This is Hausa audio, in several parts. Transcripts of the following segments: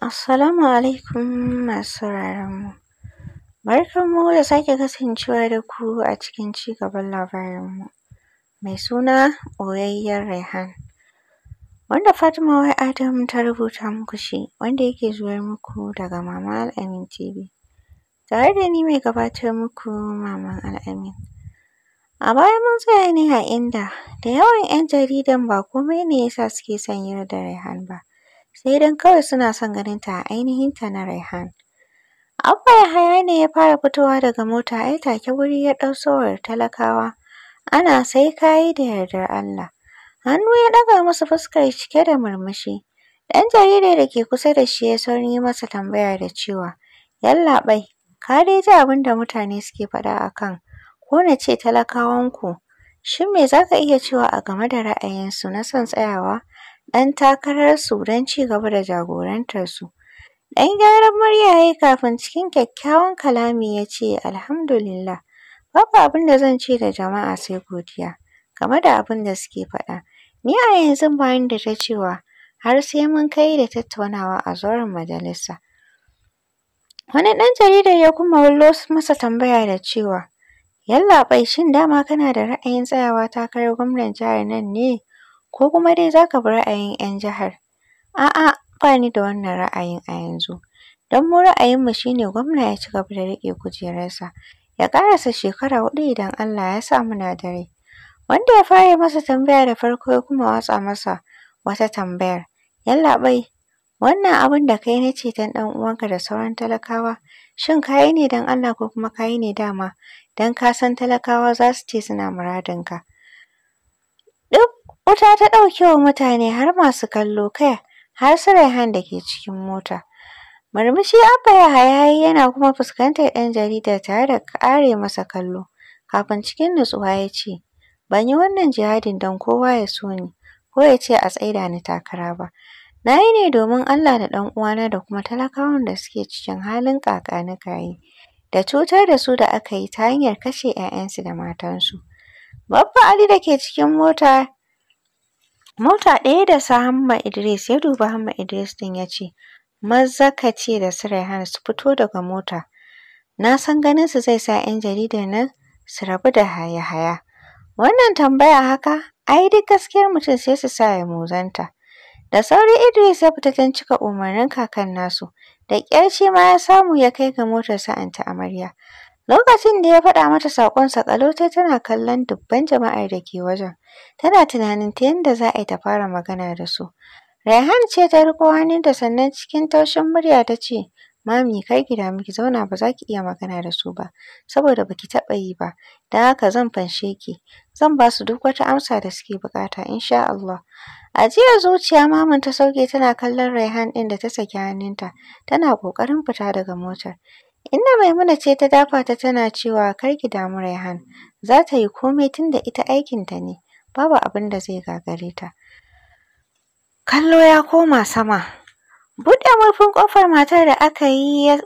Assalamu alaikum masu sauraronmu. Barkanmu da sake kasancewa da ku a cikin ci gaban labarinmu mai suna oyayyar Raihan, wanda Fatima wai Adam ta rubuta muku shi wanda yake zuwar muku daga Mama Al'amin TV. Tare da ni mai gabatar muku Maman Al'amin. A baya mun tsaya ne a inda da yawan 'yan jaridan ba komai ne ya sa suke son da Raihan ba. sai don kawai suna son ganin ta a ainihin ta na Raihan. Abba Yahaya ne ya fara fitowa daga mota ai take wuri ya dau sowar talakawa. Ana sai kai da yardar Allah. Hannu ya daga masa fuskar cike da murmushi. Ɗan jaridar da ke kusa da shi ya saurin yi masa tambaya da cewa, Yallaɓai, ka dai ji abin da mutane suke faɗa akan. ko na ce talakawanku, shin me zaka iya cewa a game da ra'ayinsu na son tsayawa ɗan takararsu don ci gaba da jagorantarsu. Dan gyaran murya ya kafin cikin kyakkyawan kalami ya ce, Alhamdulillah, babu abin da zan ce da jama'a sai godiya game da abin da suke faɗa. Ni a yanzu bayan da ta cewa har sai mun kai da tattaunawa a zauren majalisa. Wani ɗan jaridar ya kuma wallo masa tambaya da cewa, Yallaɓai shin dama kana da ra'ayin tsayawa takarar gwamnan jihar nan ne? ko kuma dai za ka bi ra'ayin 'yan jihar? A'a, ba ni da wannan ra'ayin a yanzu. Don mu ra'ayinmu shi ne gwamna ya ci gaba da riƙe kujerarsa, ya ƙarasa shekara huɗu idan Allah ya sa muna dare. Wanda ya fara masa tambaya da farko ya kuma watsa masa wata tambayar. Yallaɓai, wannan abin da kai na don ɗan uwanka da sauran talakawa, shin ka yi ne don Allah ko kuma ka yi ne dama don ka san talakawa za su ce suna muradinka? Duk Wuta ta ɗauke wa mutane har masu kallo kai har su Raihan da ke cikin mota. Murmushi Abba ya yayi yana kuma fuskantar ɗan jarida tare da ƙare masa kallo kafin cikin nutsuwa ya ce, Ban yi wannan jihadin don kowa ya so ni ko ya ce a tsaida ni takara ba. Na yi ne domin Allah da ɗan uwana da kuma talakawan da suke cikin halin kayi da cutar da su da aka yi ta hanyar kashe 'ya'yansu da matansu. Babba Ali da ke cikin mota Mota ɗaya da sa Hamma Idris ya duba Hamma Idris ɗin ya ce, Maza ka ce da su hana su fito daga mota. Na san ganin su zai sa 'yan jaridar nan su rabu da haya-haya. Wannan tambaya haka, ai duk gaskiyar mutum sai su sa ya muzanta. Da sauri Idris ya fita don cika umarnin kakan nasu, da ƙyar shi ma ya samu ya kai ga motar su anti Amarya. Lokacin da ya faɗa mata saƙonsa ƙalau sai tana kallon dubban jama'ar da ke wajen, tana tunanin ta yanda za a yi ta fara magana da su. Raihan ce ta riƙo hannunta sannan cikin taushin murya ta ce, Mami kar ki damu ki zauna ba za ki iya magana da su ba, saboda ba ki taɓa yi ba, don haka zan fanshe ki, zan ba su duk wata amsa da suke buƙata insha Allah. Ajiyar zuciya Maman ta sauke tana kallon Raihan ɗin da ta saki hannunta, tana ƙoƙarin fita daga motar, Inna Maimuna ce ta dafa ta tana cewa kar ki damu Raihan, za ta yi komai tunda ita aikinta ne, babu abin da zai gagare ta. Kallo ya koma sama. Buɗe murfin ƙofar matar da aka yi ya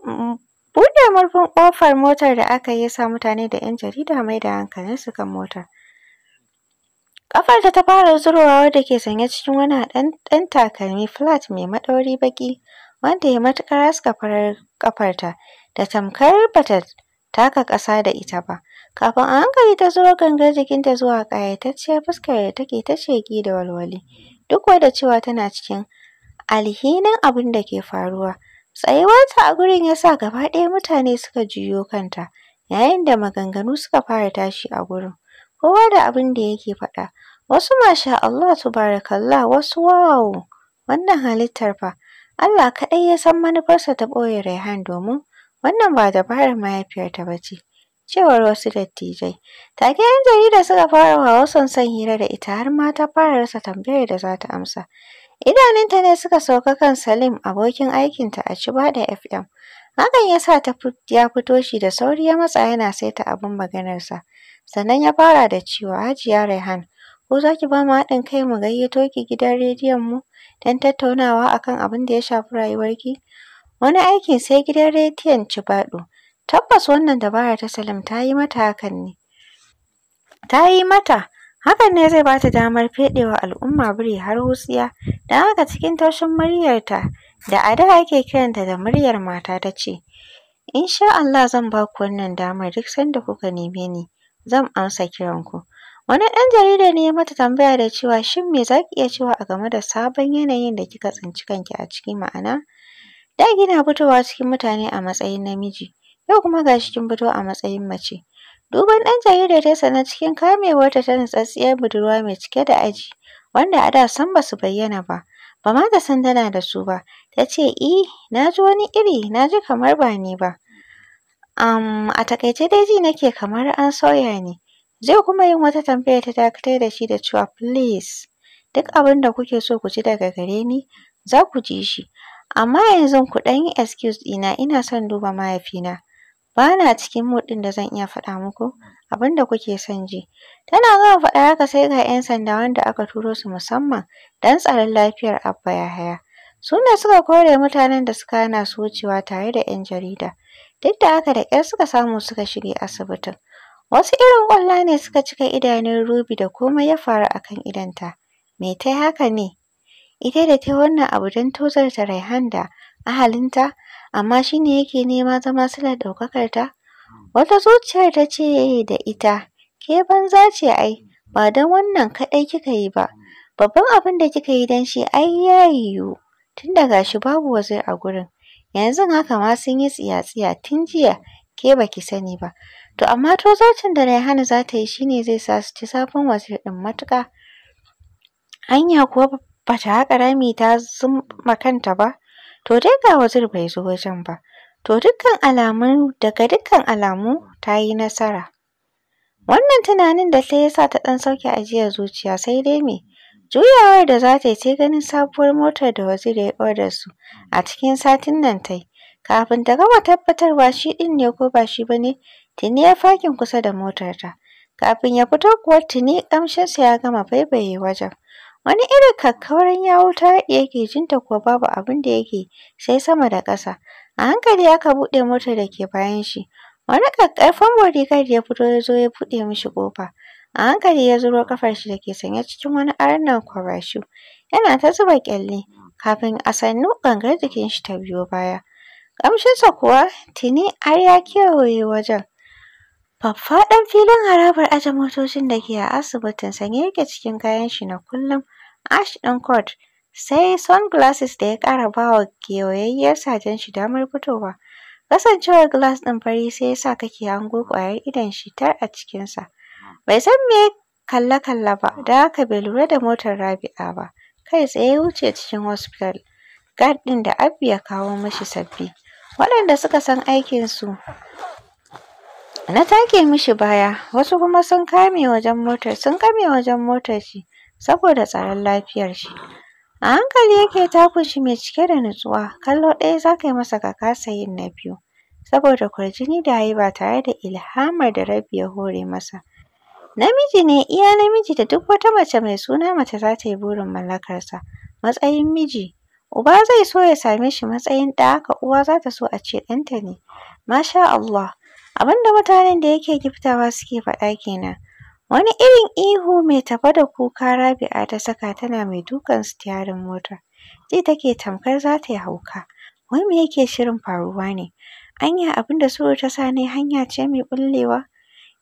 buɗe murfin ƙofar motar da aka yi ya sa mutane da 'yan jarida mai da hankalinsu kan motar. Ƙafarta ta fara zurowa wadda ke sanye cikin wani ɗan takalmi flat mai maɗauri baƙi wanda ya matuƙar haska farar ƙafarta. da tamkar bata taka ƙasa da ita ba kafin a hankali ta zuwa gangar jikinta zuwa ƙayatacciyar fuskar da take ta sheƙi da walwali duk da cewa tana cikin alhinin abin da ke faruwa tsayuwarta a gurin ya sa gaba ɗaya mutane suka juyo kanta yayin da maganganu suka fara tashi a gurin kowa da abin da yake faɗa wasu masha Allah barakallah wasu wow wannan halittar fa Allah kaɗai ya san manufarsa ta ɓoye Raihan domin wannan ba dabarar mahaifiyarta ba ce cewar wasu dattijai take yan jarida suka fara wawason son hira da ita har ma ta fara rasa tambayar da za ta amsa Idaninta ne suka sauka kan salim abokin aikinta a cibada fm hakan ya sa ta ya fito shi da sauri ya matsa yana saita abin maganarsa sannan ya fara da cewa hajiya raihan ko za ki ba mu haɗin kai mu gayyato ki gidan rediyon mu don tattaunawa akan abin da ya shafi rayuwarki wani aikin sai gidan rediyon Cibaɗo. Tabbas wannan dabara ta Salim ta yi mata hakan ne. Ta yi mata hakan ne zai bata damar feɗewa al'umma biri har wutsiya. Don haka cikin taushin muryarta da a da ake kiranta da muryar mata ta ce, sha Allah zan ba ku wannan damar duk sanda kuka neme ni, zan amsa kiranku. Wani ɗan jarida ne ya mata tambaya da cewa shin me za ki iya cewa a game da sabon yanayin da kika tsinci kanki a ciki ma'ana Da kina fitowa cikin mutane a matsayin namiji, yau kuma gashi kin fito a matsayin mace. Duban ɗan jarida ta sanar cikin kamewarta ta tsatsiyar budurwa mai cike da aji, wanda a da san basu bayyana ba, ba ma ta san tana da su ba. Ta ce, naji na ji wani iri, na ji kamar ba ni ba. Um, a takaice dai ji nake kamar an sauya ni." Zai kuma yin wata tambayar ta dakatar da shi da cewa, "Please, duk abin da kuke so ku ji daga gare ni, za ku ji shi, amma yanzu ku ɗan yi excuse dina, ina son duba mahaifina Bana cikin mood din da zan iya faɗa muku abin da kuke son ji tana gama faɗa haka sai ga 'yan sanda wanda aka turo su musamman dan tsaron lafiyar abba yahaya su ne suka kore mutanen da suka hana su wucewa tare da 'yan jarida duk da haka da ƙyar suka samu suka shige asibitin wasu irin ƙwalla ne suka cika idanun Ruby da komai ya faru a kan idonta me ta haka ne ita da ta wannan abu don tozarta Raihan da ahalinta amma shine yake nema zama silar ta wata zuciyar ta ce da ita ke banza ce ai ba don wannan kaɗai kika yi ba babban abin da kika yi don shi ai ya yiwu tun daga shi babu wazir a gurin yanzu haka ma sun yi tsiya-tsiya tun jiya ke baki sani ba to amma tozarcin da Raihana za ta yi shine zai sa su ci safin wazir ɗin matuka? hanya kuwa ba ta haƙa rami ta zuma kanta ba to dai ga wazir bai zo wajen ba to dukkan alamu daga dukkan alamu ta yi nasara wannan tunanin da sai ya sa ta ɗan sauke ajiyar zuciya sai dai me juyawar da za ta yi sai ganin sabuwar motar da wazir ya yi su a cikin satin nan ta yi kafin ta gama tabbatarwa shi ɗin ne ko ba shi ba ne tuni ya fakin kusa da motarta kafin ya fito kuwa tuni ƙamshinsa ya gama baibaye wajen wani irin kakkauran yawo ta yake jinta kuwa babu abin da yake sai sama da ƙasa a hankali aka buɗe motar da ke bayan shi wani ƙaƙƙarfan da ya fito ya zo ya buɗe mishi ƙofa a hankali ya zuro ƙafar shi da ke sanye cikin wani arnon kwarashu yana ta zuba ƙyalle kafin a sannu gangar jikin shi ta biyo baya ƙamshinsa kuwa tuni har ya kewaye wajen Faffaɗan filin harabar aje motocin da ke a asibitin sanye yake cikin kayan shi na kullum, ash ɗin coat, sai sunglasses da ya ƙara ba wa kewayayyar sajen shi damar fitowa. Kasancewar glass ɗin fari sai ya sa kake hango ƙwayar idon shi tar a cikinsa. Bai san me kalle-kalle ba, da haka bai lura da motar Rabi'a ba. Kai tsaye ya wuce cikin hospital. gad ɗin da Abby ya kawo mashi sabbi, waɗanda suka san aikinsu. na take mishi baya wasu kuma sun kame wajen motar sun kame wajen motar shi saboda tsaron lafiyar shi a hankali yake takun shi mai cike da nutsuwa kallo ɗaya za ka yi masa ka kasa yin na biyu saboda kwarjini da yayi ba tare da ilhamar da Rabi ya hore masa namiji ne iya namiji da duk wata mace mai suna mace za ta yi burin mallakarsa matsayin miji uba zai so ya same shi matsayin ɗa haka uwa za ta so a ce ɗanta ne masha Allah abinda mutanen da yake giftawa suke faɗa kenan wani irin ihu mai tafe da kuka Rabi'a ta saka tana mai dukan sitiyarin mota ji take tamkar za ta yi hauka wai me yake shirin faruwa ne anya abinda Suru ta sa ne hanya ce mai ɓullewa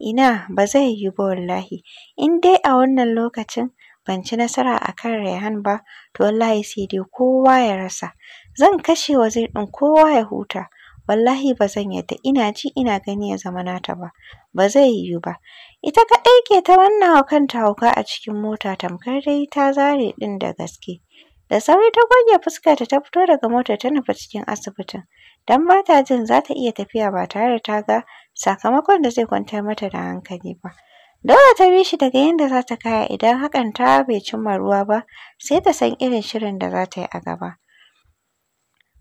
ina ba zai yi ba wallahi in dai a wannan lokacin ban ci nasara a kan Rayhan ba to wallahi sai dai kowa ya rasa zan kashe Wazir ɗin kowa ya huta wallahi ba zan yadda ina ji ina gani ya zama nata ba ba zai yiwu ba ita kaɗai ke ta wannan haukan ta hauka a cikin mota tamkar dai ta zare ɗin da gaske da sauri ta goge fuskarta ta fito daga motar ta nufi cikin asibitin don ba jin za ta iya tafiya ba tare da ta ga sakamakon da zai kwantar mata da hankali ba Dole ta bi shi daga yanda za ta kaya idan hakan ta bai cimma ruwa ba sai ta san irin shirin da za ta yi a gaba.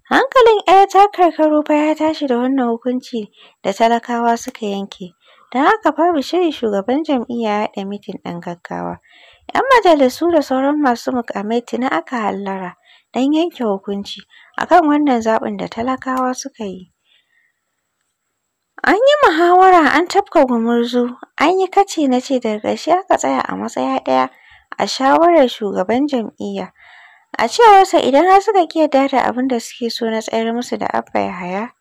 Hankalin ta karkaro fa ya tashi da wannan hukunci da talakawa suka yanke, don haka babu shiri shugaban jam'iyya ya haɗa mitin ɗan gaggawa. ‘Yan majalisu da sauran masu muƙamai tuni aka hallara don yanke hukunci a kan wannan zaɓin da talakawa suka yi. An yi muhawara, an tafka gumurzu, an yi kace-nace daga ƙarshe aka tsaya a matsaya ɗaya a shawarar shugaban jam'iyya. A cewarsa idan har suka ƙi da abin da suke so na tsayar musu da Abba haya,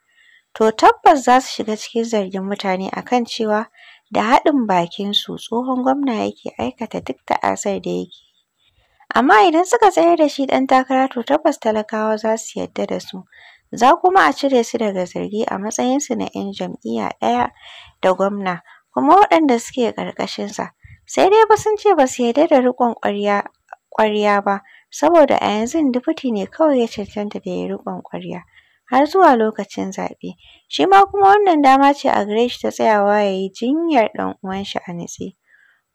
to tabbas za su shiga cikin zargin mutane akan cewa da haɗin su tsohon gwamna yake aikata duk ta'asar da yake Amma idan suka tsayar da shi ɗan takara to tabbas talakawa za su yarda da su, za kuma a cire su daga zargi a matsayinsu na 'yan jam'iyya ɗaya da gwamna kuma waɗanda suke ƙarƙashinsa. Sai dai ba sun ce ba su yarda da riƙon ƙwarya ƙwarya ba saboda a yanzun Dufiti ne kawai ya cancanta da ya riƙon ƙwarya har zuwa lokacin zaɓe. Shi ma kuma wannan dama ce a gare shi ta tsayawa ya yi jinyar ɗan uwan shi a natse.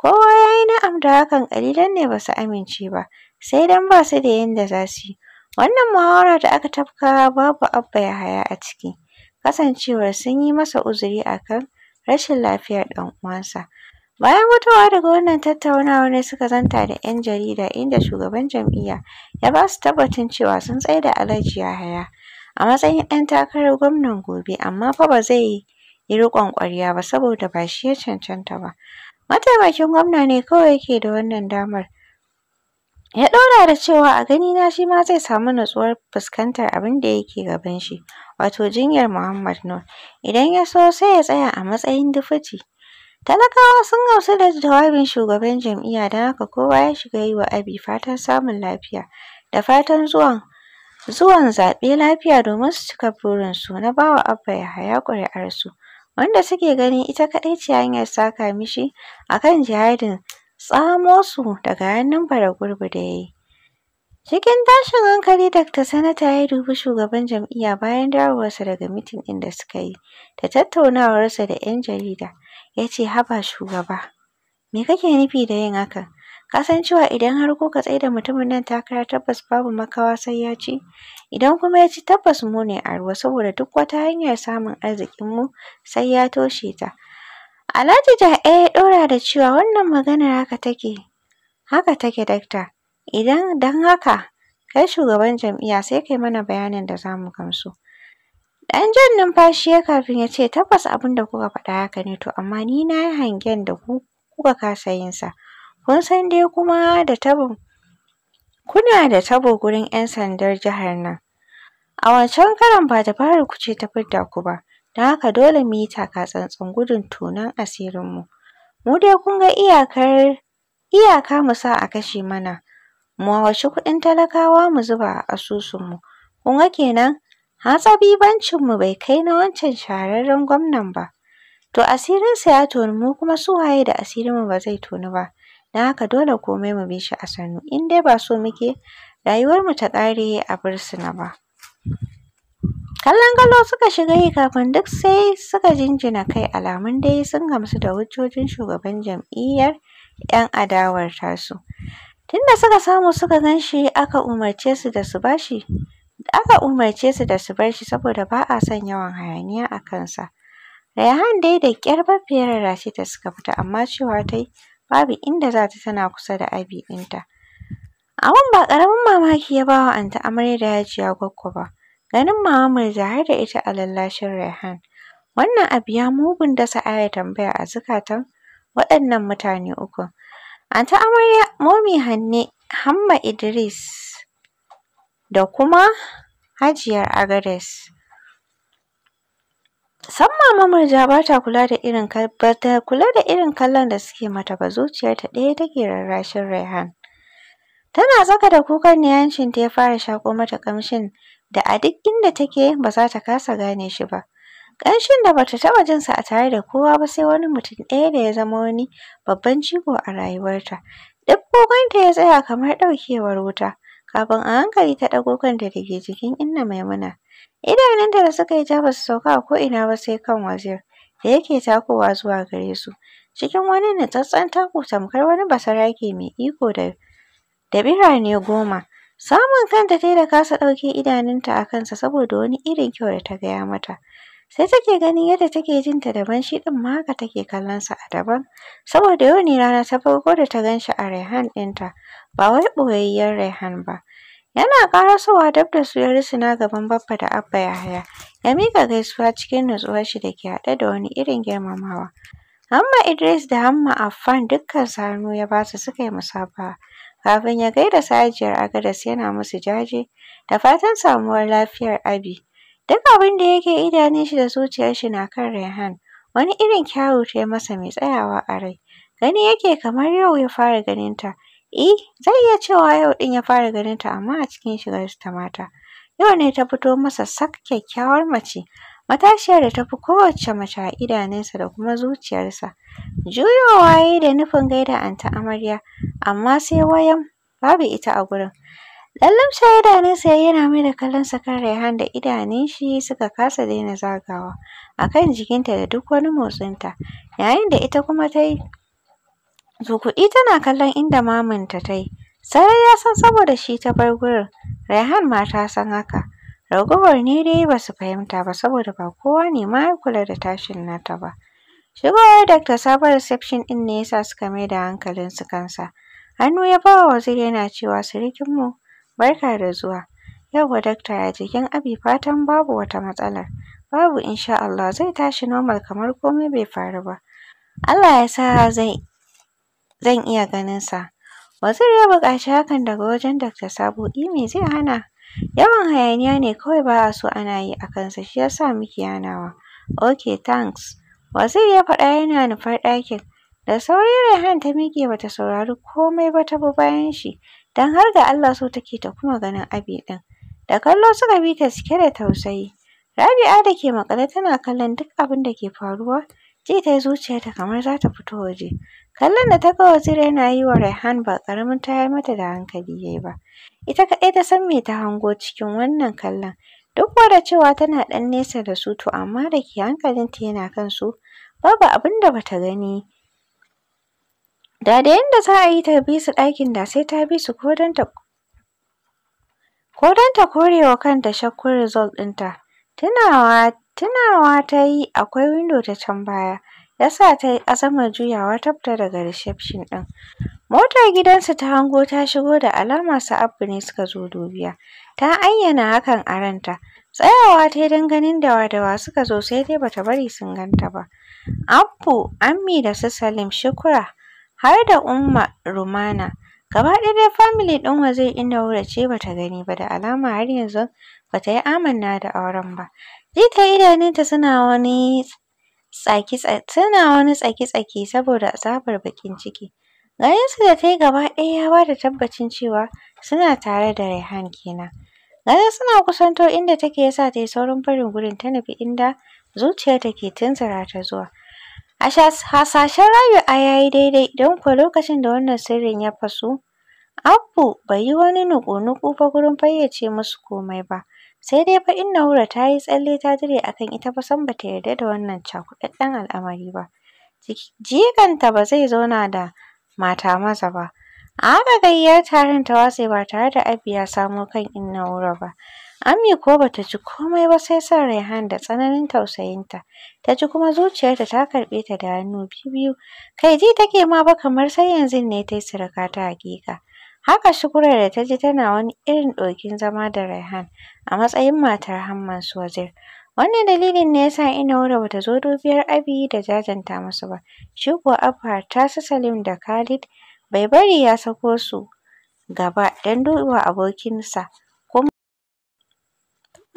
Kowa ya yi na'am da hakan ƙalilan ne ba su amince ba, sai dan ba su da yanda za su yi. Wannan muhawara da aka tafka babu Abba Yahaya a ciki, kasancewar sun yi masa uzuri akan rashin lafiyar ɗan uwansa. Bayan mutuwa daga wannan tattaunawar ne suka zanta da 'yan jarida inda shugaban jam'iyya ya ba su tabbacin cewa sun da Alhaji Yahaya a matsayin ɗan takarar gwamnan gobe amma fa ba zai yi riƙon ƙwarya ba saboda ba shi ya cancanta ba. Mataimakin gwamna ne kawai yake da wannan damar. Ya ɗora da cewa a ganina shi ma zai samu natsuwar fuskantar abin da yake gaban shi wato jinyar Muhammad Nur, idan ya so sai ya tsaya a matsayin difiti. Talakawa sun gamsu da jawabin shugaban jam'iyya don haka kowa ya shiga yi wa Abi fatan samun lafiya da fatan zuwan zuwan zaɓe lafiya domin su cika burinsu na bawa Abba Yahaya ƙuri'arsu wanda suke ganin ita kaɗai ce hanyar saka mishi a kan jihadin tsamo su daga hannun bara gurbi da ya yi. Cikin tashin hankali Dr. Sanata ya dubi shugaban jam'iyya bayan dawowarsa daga mitin ɗin da suka yi da tattaunawarsa da 'yan jarida. Ya ce, haba shugaba, me kake nufi da yin hakan? Ka san cewa idan har kuka tsaida mutumin nan takara tabbas babu makawa sai ya ci? Idan kuma ya ci tabbas mu ne a ruwa saboda duk wata hanyar samun arzikin mu sai ya toshe ta. Alhaji Ja'e eh, ya ɗora da cewa wannan maganar haka take, haka take dakta. Idan don haka kai shugaban jam'iyya sai kai mana bayanin da za mu gamsu. Ɗan jan numfashi ya kafin ya ce tabbas abin da kuka faɗa haka ne to amma ni na yi hangen da ku kuka kasa yinsa. Kun san dai kuma da tabo kuna da tabo gurin 'yan sandar jihar nan. A wancan karon ba fara ku ce ta fidda ku ba, don haka dole mu yi taka tsantsan gudun tonon mu Mu dai kun ga iyakar iyaka mu sa a kashe mana, mu washi kuɗin talakawa mu zuba a asusunmu. Kun ga kenan hatsabibancinmu bai kai na wancan shahararren gwamnan ba. To asirinsa ya tonu mu kuma su waye da asirinmu ba zai toni ba. Don haka dole komai mu bi shi a sannu in dai ba so muke rayuwarmu ta ƙare a bursuna ba. Kallon kallo suka shiga yi kafin duk sai suka jinjina kai alamun dai sun gamsu da hujjojin shugaban jam'iyyar 'yan adawar tasu. Tunda suka samu suka gan shi aka umarce su da su bashi aka umarce su da su bar shi saboda ba a son yawan hayaniya a kansa. Rayhan dai da ƙyar Baffa ya ta suka fita amma cewa ta yi babu inda za ta tana kusa da Abi inta. Abin ba karamin mamaki ya ba wa Anta Amarya da Hajiya Gwaggo ba. Ganin Mama mai har da ita a lallashin Rayhan. Wannan abu ya mugun dasa aya tambaya a zukatan waɗannan mutane uku. Ata Amarya Momi Hanne Hamma Idris da kuma Hajiyar Agades. San mama Murja ba ta kula da irin kula da irin kallon da suke mata ba zuciyarta ɗaya take rarrashin Raihan. Tana tsaka da kukar ne hancin ta ya fara shaƙo mata ƙamshin da a duk inda take ba za ta kasa gane shi ba. ƙanshin da bata taɓa sa a tare da kowa ba sai wani mutum ɗaya da ya zama wani babban jigo a rayuwarta duk ta ya tsaya kamar ɗaukewar wuta kafin a hankali ta ɗago kanta da jikin inna maimuna idanunta da suka yi ja basu sauka a ko'ina ba sai kan wazir da yake takowa zuwa gare su cikin wani nutsatstsen taku tamkar wani basarake mai iko da da birane goma samun kanta tayi da kasa ɗauke idanunta a kansa saboda wani irin kyau da ta gaya mata sai take ganin yadda take jin ta daban shi ɗin ma haka take kallon sa a daban saboda yau ne rana ta farko da ta ganshi a raihan dinta ba wai ɓoyayyen raihan ba yana ƙarasowa dab da su ya risina gaban Baffa da Abba Yahaya ya mika gaisuwa cikin nutsuwar shi da ke haɗe da wani irin girmamawa Hamma Idris da Hamma Affan dukkan su hannu ya su suka yi musabaha kafin ya gaida sajiyar Agadas yana musu jaje da fatan samuwar lafiyar Abi Duk abin da yake idanun shi da zuciyar shi na kan Rayhan. Wani irin kyawu ta masa mai tsayawa a rai. Gani yake kamar yau ya fara ganin ta. Eh, zai iya cewa yau ɗin ya fara ganin ta amma a cikin shigar ta mata. Yau ne ta fito masa sak kyakkyawar mace. Matashiyar da tafi fi kowacce mace a idanunsa da kuma zuciyarsa. Juyowa ya yi da nufin gaida anta amarya, amma sai wayan babu ita a gurin. Ɗan limshe idanunsa ya yana mai da kallonsa kan Raihan da idanun shi suka kasa daina zagawa a kan jikinta da duk wani motsinta, yayin da ita kuma ta yi zukuɗi tana kallon inda maminta ta yi. Sarai ya san saboda shi ta bar gurin, Raihan ma ta san haka. Ragowar ne dai ba su fahimta ba saboda ba kowa ne ma ya kula da tashin nata ba. Shigowar Dr. sabo reception ɗin ne ya suka mai da hankalinsu kansa. Hannu ya ba wa Waziri yana cewa mu Barka da zuwa. Yauwa dakta ya jikin Abi fatan babu wata matsalar. Babu insha Allah zai tashi normal kamar komai bai faru ba. Allah ya sa zai zan iya ganin sa. Wazir ya buƙaci hakan daga wajen Dakta Sabo me zai hana? Yawan hayaniya ne kawai ba a so ana yi a kansa shi ya sa muke hanawa. Ok thanks. Wazir ya faɗa yana nufar ɗakin. Da sauri Rayhan ta miƙe bata saurari komai ba ta bi bayan shi. don har da Allah so take ta kuma ganin Abi ɗin. Da kallo suka bi ta cike da tausayi. Rabi'a da ke maƙale tana kallon duk abin da ke faruwa, ji ta yi zuciyarta kamar za ta fito waje. Kallon da ta ga Wasira yana yi wa Raihan ba ƙaramin tayar mata da hankali ya yi ba. Ita kaɗai ta san me ta hango cikin wannan kallon. Duk da cewa tana ɗan nesa da su to amma da ke hankalinta yana kan su, babu abin da ba ta gani da da za a yi ta bi su ɗakin da sai ta bi su ko don ta ko don ta kore wa kanta shakkun result ɗinta tunawa tunawa ta yi akwai window ta can baya ya sa ta yi azamar juyawa ta daga reception ɗin motar gidansu ta hango ta shigo da alama su abu ne suka zo dubiya ta ayyana hakan a ranta tsayawa ta yi don ganin dawa-dawa suka zo sai dai bata bari sun ganta ba Abu, Ammi da su Salim, Shukura har da Umma Rumana. Gaba ɗaya dai family ɗin waje inda Nura ce bata gani ba da alama har yanzu bata yi amanna da auren ba. Ita idanunta suna wani tsaki suna wani tsaki-tsaki saboda azabar baƙin ciki. Ganinsu da ta gaba ɗaya ya ba da tabbacin cewa suna tare da Raihan kenan. Ganin suna kusanto inda take yasa sa saurin barin gurin ta nufi inda zuciyarta ke tunzura ta zuwa. Hasashen rayuwa ya yi daidai don kuwa lokacin da wannan sirrin ya fasu, Abbu bai yi wani nuku-nuku ba gurin fayyace musu komai ba, sai dai fa innahura ta yi tsalle ta jire a kan ita fa sam ba ta yarda da wannan cakuɗaɗɗen al'amari ba. Jikanta ba zai zauna da mata maza ba. A haka gayyar taron ta watse ba tare da Abi ya samo kan in ba. Ami kuwa ba ta ji komai ba sai son Rehan da tsananin tausayinta. Ta ji kuma zuciyarta ta karɓe ta da hannu biyu-biyu. Kai ji take ma ba kamar sai yanzu ne ta yi surka ta haƙiƙa. Haka Shukura da ta ji tana wani irin ɗokin zama da Rehan a matsayin matar Hamman Suwair. Wannan dalilin ne ya sa Inaura ba ta zo dubiyar Abi da jajanta musu ba. Shi kuwa Abba ta su Salim da Khalid bai bari ya sako su gaba don duba abokinsa.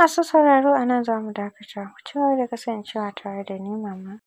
Masu sauraro a nan za mu dakata. Ku ci gaba da kasancewa tare da ni, Mama.